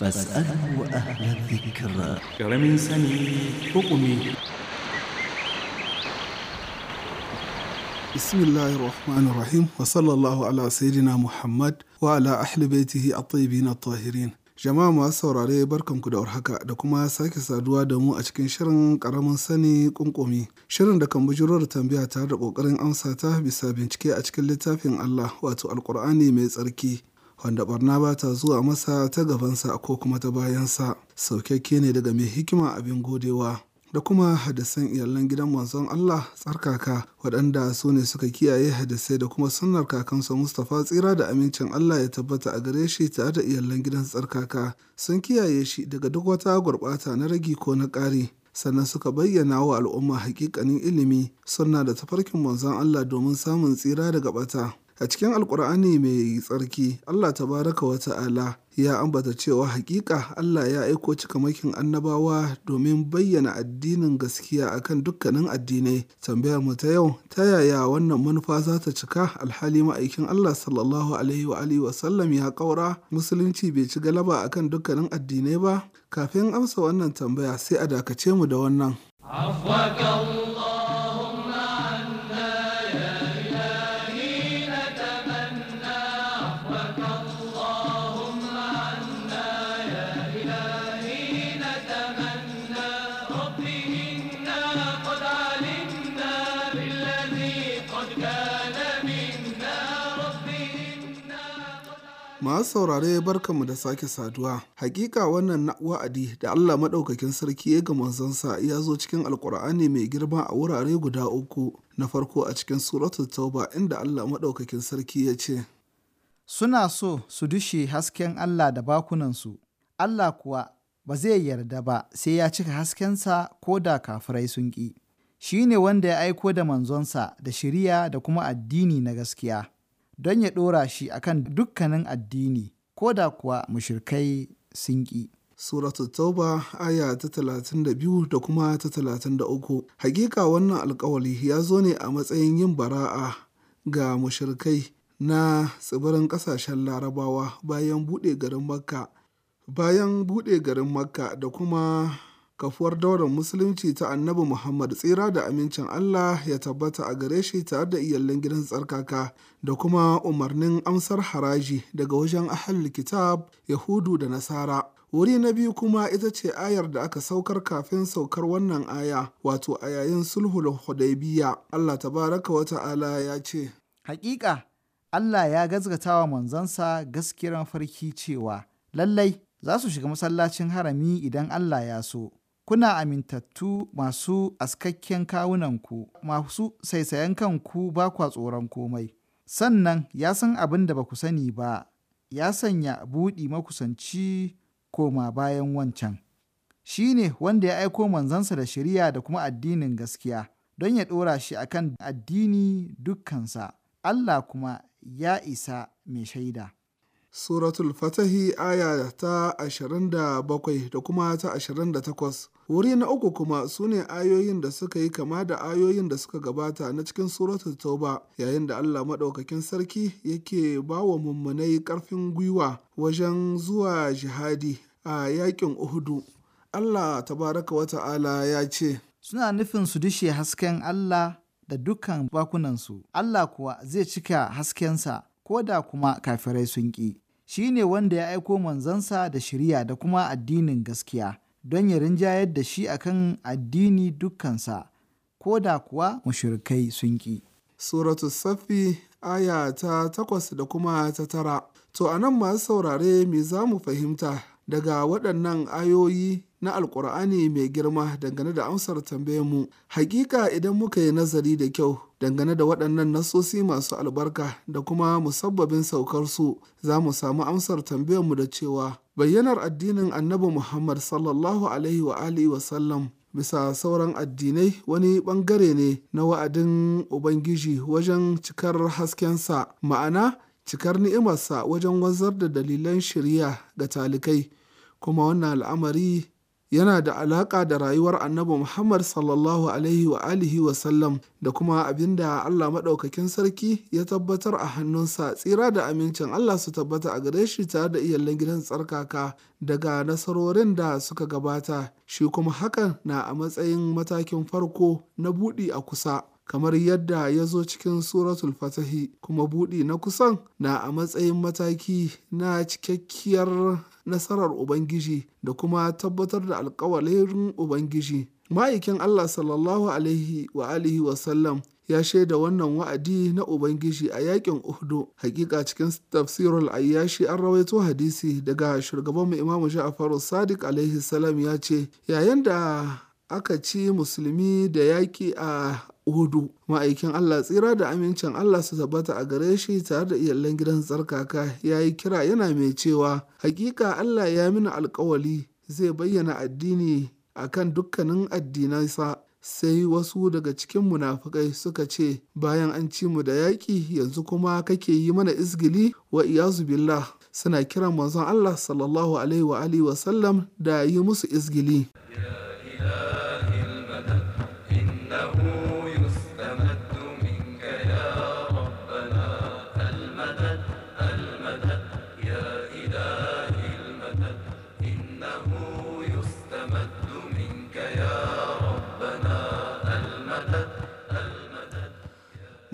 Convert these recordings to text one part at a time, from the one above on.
فاسألوا أهل الذكر كرم سني حكمي بسم الله الرحمن الرحيم وصلى الله على سيدنا محمد وعلى أهل بيته الطيبين الطاهرين جماعة ما سورالي بركم كده أرحكا دكما ساكي سادوا دمو أشكين شرن كرم سني كنكمي شرن دكم بجرور تنبيه تارق وقرن أنساته بسابين شكي أشكين لتافين الله واتو القرآن ميز wanda barna ba ta zuwa masa ta gabansa ko kuma ta bayansa saukakke ne daga mai hikima abin godewa da kuma hadisan iyalan gidan manzon Allah tsarkaka waɗanda su ne suka kiyaye hadisai da kuma sunnar kakansa Mustapha tsira da amincin Allah ya tabbata a gare shi tare da iyalan gidan tsarkaka sun kiyaye shi daga duk wata gurɓata na ragi ko na ƙari sannan suka bayyana wa al'umma hakikanin ilimi sunna da tafarkin manzon Allah domin samun tsira daga ɓata. A cikin Alkur'ani mai tsarki, Allah tabaraka wa ta'ala ya ambata cewa hakika Allah ya aiko cikamakin annabawa domin bayyana addinin gaskiya akan dukkanin addinai. Tambayar mu ta yau, ta yaya wannan manufa za ta cika alhali ma'aikin Allah sallallahu alaihi wa alihi wa sallam ya kaura musulunci bai ci galaba akan dukkanin addinai ba? Kafin amsa wannan tambaya sai a dakace mu da wannan. Masu saurare barkanmu da sake saduwa. Hakika wannan wa'adi da Allah maɗaukakin sarki ya ga manzansa ya zo cikin alkur'ani mai girma a wurare guda uku na farko a cikin suratul Tauba inda Allah maɗaukakin sarki ya ce. Suna so su dushe hasken Allah da bakunansu, Allah kuwa ba zai yarda ba sai ya cika haskensa ko da kafirai sun ƙi. Shi ne wanda ya aiko da manzonsa da shiriya da kuma addini na gaskiya. don ya ɗora shi a kan dukkanin addini ko da kuwa mushirkai sun ƙi. Suratu Tauba aya ta talatin da biyu da kuma ta talatin da uku. Hakika wannan alkawali ya zo ne a matsayin yin bara'a ga mushirkai na tsibirin ƙasashen larabawa bayan buɗe garin Makka. Bayan buɗe garin Makka da kuma kafuwar daular musulunci ta annabi Muhammad tsira da amincin Allah ya tabbata a gare shi tare da iyalin gidan tsarkaka da kuma umarnin amsar haraji daga wajen ahal kitab Yahudu da Nasara. Wuri na biyu kuma ita ce ayar da aka saukar kafin saukar wannan aya, wato a yayin sulhul hudaybiya Allah tabaraka wa ta'ala ya ce, Hakika, Allah ya wa manzansa gaskiyar farki cewa, lallai za su shiga masallacin harami idan Allah ya so. kuna amintattu masu askakken kawunanku, masu saisayen kanku ba kwa tsoron komai. Sannan ya san abin da ba ku sani ba, ya sanya buɗi makusanci koma bayan wancan. Shi ne wanda ya aiko manzansa da shari'a da kuma addinin gaskiya, don ya ɗora shi akan addini dukkansa, Allah kuma ya isa mai shaida. Suratul Fatahi aya ta 27 da kuma ta 28 Wuri na uku kuma su ne ayoyin da suka yi kama da ayoyin da suka gabata na cikin suratul Tauba yayin da Allah maɗaukakin sarki yake ba wa mummunai ƙarfin gwiwa wajen zuwa jihadi a yakin Uhudu. Allah tabaraka wa ta'ala ya ce, Suna nufin su dushe hasken Allah da dukkan bakunansu, Allah kuwa zai cika haskensa ko da kuma kafirai sun ƙi. Shi ne wanda ya aiko manzansa da shirya da kuma addinin gaskiya. don ya rinjayar da shi akan addini dukkansa, ko da kuwa mushirikai sun ƙi. Suratu Safi aya ta takwas da kuma ta tara. To a nan masu saurare me za mu fahimta daga waɗannan ayoyi na alkur'ani mai girma dangane da amsar tambayar mu hakika idan muka yi nazari da kyau dangane da waɗannan nasosi masu albarka da kuma musabbabin saukarsu za mu samu amsar tambayar mu da cewa bayyanar addinin annabi muhammad sallallahu alaihi wa alihi wa sallam bisa sauran addinai wani bangare ne na wa'adin ubangiji wajen cikar haskensa ma'ana cikar ni'imarsa wajen wanzar da dalilan shirya ga talikai kuma wannan al'amari yana da alaƙa da rayuwar annabi Muhammad sallallahu alaihi wa alihi wa sallam da kuma abin da Allah maɗaukakin sarki ya tabbatar a hannunsa tsira da amincin Allah su tabbata a gare shi tare da iyalan gidan tsarkaka daga nasarorin da suka gabata shi kuma hakan na a matsayin matakin farko na buɗi a kusa kamar yadda ya zo cikin suratul fatahi kuma buɗi na kusan na a matsayin mataki na cikakkiyar nasarar Ubangiji da kuma tabbatar da alkawalin Ubangiji. Ma'aikin Allah sallallahu alaihi wa alihi wa ya shaida wannan wa'adi na Ubangiji a yakin Uhdu. Hakika cikin tafsirul ayyashi an rawaito hadisi daga shugabanmu Imam Ja'far Sadiq alaihi salam ya ce, yayin da aka ci musulmi da yaƙi a hudu. Ma'aikin Allah tsira da amincin Allah su tabbata a gare shi tare da iyalan gidan tsarkaka ya yi kira yana mai cewa hakika Allah ya mini alkawali zai bayyana addini a kan dukkanin addinansa sai wasu daga cikin munafukai suka ce bayan an ci mu da yaƙi yanzu kuma kake yi mana izgili wa iyazu billah suna kiran manzon Allah sallallahu alaihi wa sallam da yi musu izgili. Yeah.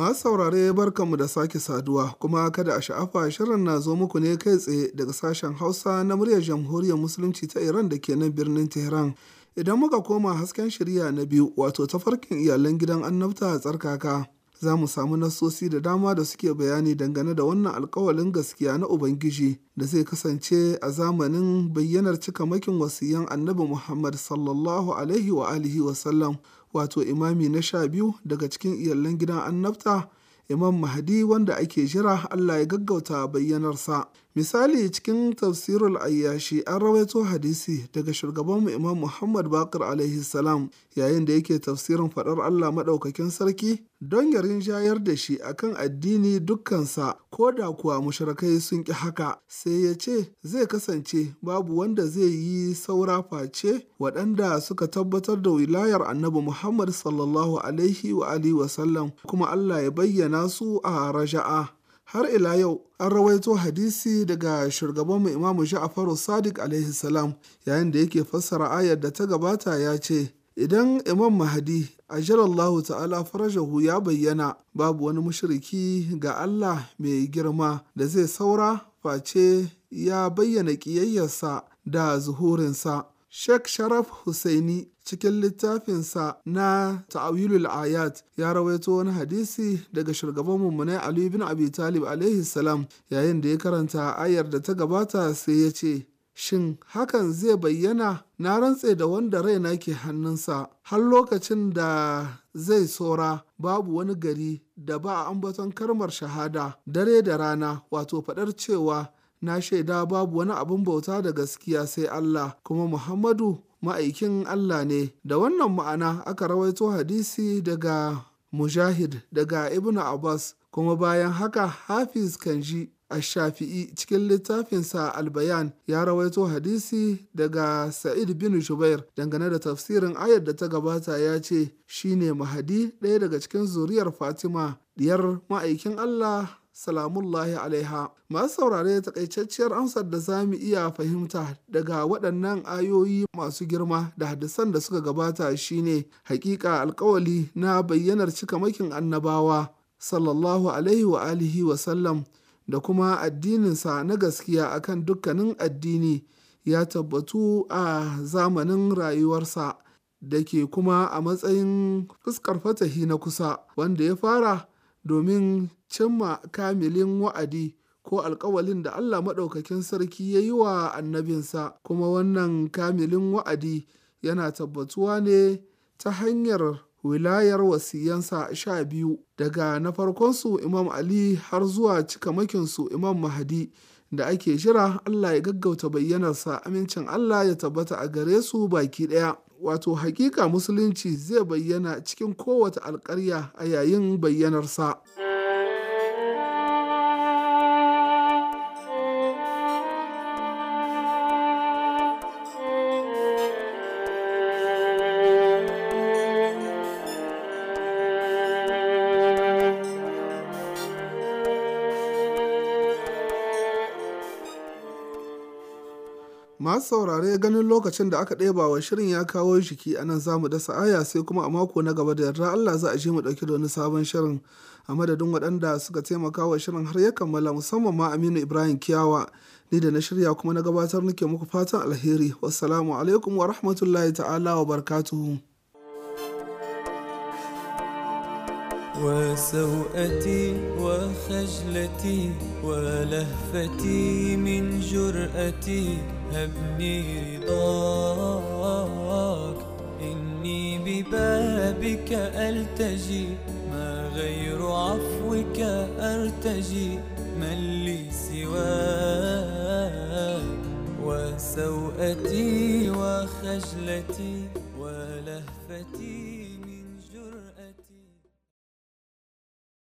Masu saurare barkanmu da sake saduwa kuma kada a sha'afa shirin na zo muku ne kai tsaye daga sashen Hausa na muryar Jamhuriyar Musulunci ta Iran da ke nan birnin Tehran. Idan muka koma hasken shirya na biyu wato tafarkin iyalan gidan annabta a tsarkaka. Za mu samu nasosi da dama da suke bayani dangane da wannan alkawalin gaskiya na Ubangiji da zai kasance a zamanin bayyanar cika makin wasiyan annabi Muhammad sallallahu alaihi wa alihi wa sallam wato imami na sha biyu daga cikin iyalan gidan annabta Imam Mahdi wanda ake jira Allah ya gaggauta bayyanarsa. Misali, cikin tafsirul ayyashi an rawaito hadisi daga shugaban Imam Muhammad Bakar alaihi salam yayin da yake tafsirin faɗar Allah maɗaukakin sarki don yarin jayar da shi akan addini dukkansa ko da kuwa mushrikai sun ƙi haka sai ya ce zai kasance babu wanda zai yi saura face waɗanda suka tabbatar da wilayar annabi Muhammad sallallahu alaihi wa kuma Allah ya bayyana su a raja'a. har ila yau an rawaito hadisi daga shugabanmu imamu ja'faru sadiq alaihi salam yayin da yake fassara ayar da ta gabata ya ce idan imam mahadi ajalallahu ta'ala farajahu ya bayyana babu wani mushriki ga allah mai girma da zai saura face ya bayyana ƙiyayyarsa da zuhurinsa Sheikh Sharaf Hussaini cikin littafinsa na Ta'awilul Ayat ya rawaito wani hadisi daga shugaban mummunai Ali bin Abi Talib alaihi salam yayin da ya karanta ayar da ta gabata sai ya ce Shin hakan zai bayyana na rantse da wanda raina ke hannunsa har lokacin da zai tsora babu wani gari da ba a ambaton karmar shahada dare da rana wato faɗar cewa na shaida babu wani abin bauta da gaskiya sai Allah kuma Muhammadu ma'aikin Allah ne da wannan ma'ana aka rawaito hadisi daga Mujahid daga Ibn Abbas kuma bayan haka Hafiz Kanji a shafii cikin littafinsa albayan ya rawaito hadisi daga Sa'id bin Jubair dangane da tafsirin ayar da ta gabata ya ce shine Mahadi ɗaya daga cikin zuriyar Fatima diyar ma'aikin Allah salamullahi alaiha masu saurare takaitacciyar amsar da za mu iya fahimta daga waɗannan ayoyi masu girma da hadisan da suka gabata shine hakika alkawali na bayyanar cikamakin annabawa sallallahu alaihi wa alihi wa sallam da kuma addininsa na gaskiya akan dukkanin addini ya tabbatu a zamanin rayuwarsa da ke kuma a matsayin fuskar fatahi na kusa wanda ya fara domin cimma kamilin wa'adi ko alkawalin da Allah Maɗaukakin Sarki ya yi wa annabinsa, kuma wannan kamilin wa'adi yana tabbatuwa ne ta hanyar wilayar wasiyansa sha biyu daga na farkonsu Imam Ali har zuwa cika su Imam Mahadi da ake shira Allah ya gaggauta bayyanarsa amincin Allah ya tabbata a gare su baki ɗaya. Wato hakika musulunci zai bayyana cikin kowace alkarya a yayin bayyanarsa. Masu saurare ganin lokacin da aka ɗeba wa shirin ya kawo jiki a nan za dasa aya sai kuma a mako na gaba da yarda Allah za a je mu ɗauki da wani sabon shirin a madadin waɗanda suka taimaka wa shirin har ya kammala musamman ma Aminu Ibrahim Kiyawa ni da na shirya kuma na gabatar nake muku fatan alheri wassalamu alaikum wa rahmatullahi ta'ala wa barkatuhu. وسوءتي وخجلتي ولهفتي من جرأتي هبني رضاك إني ببابك ألتجي ما غير عفوك أرتجي من لي سواك وسوءتي وخجلتي ولهفتي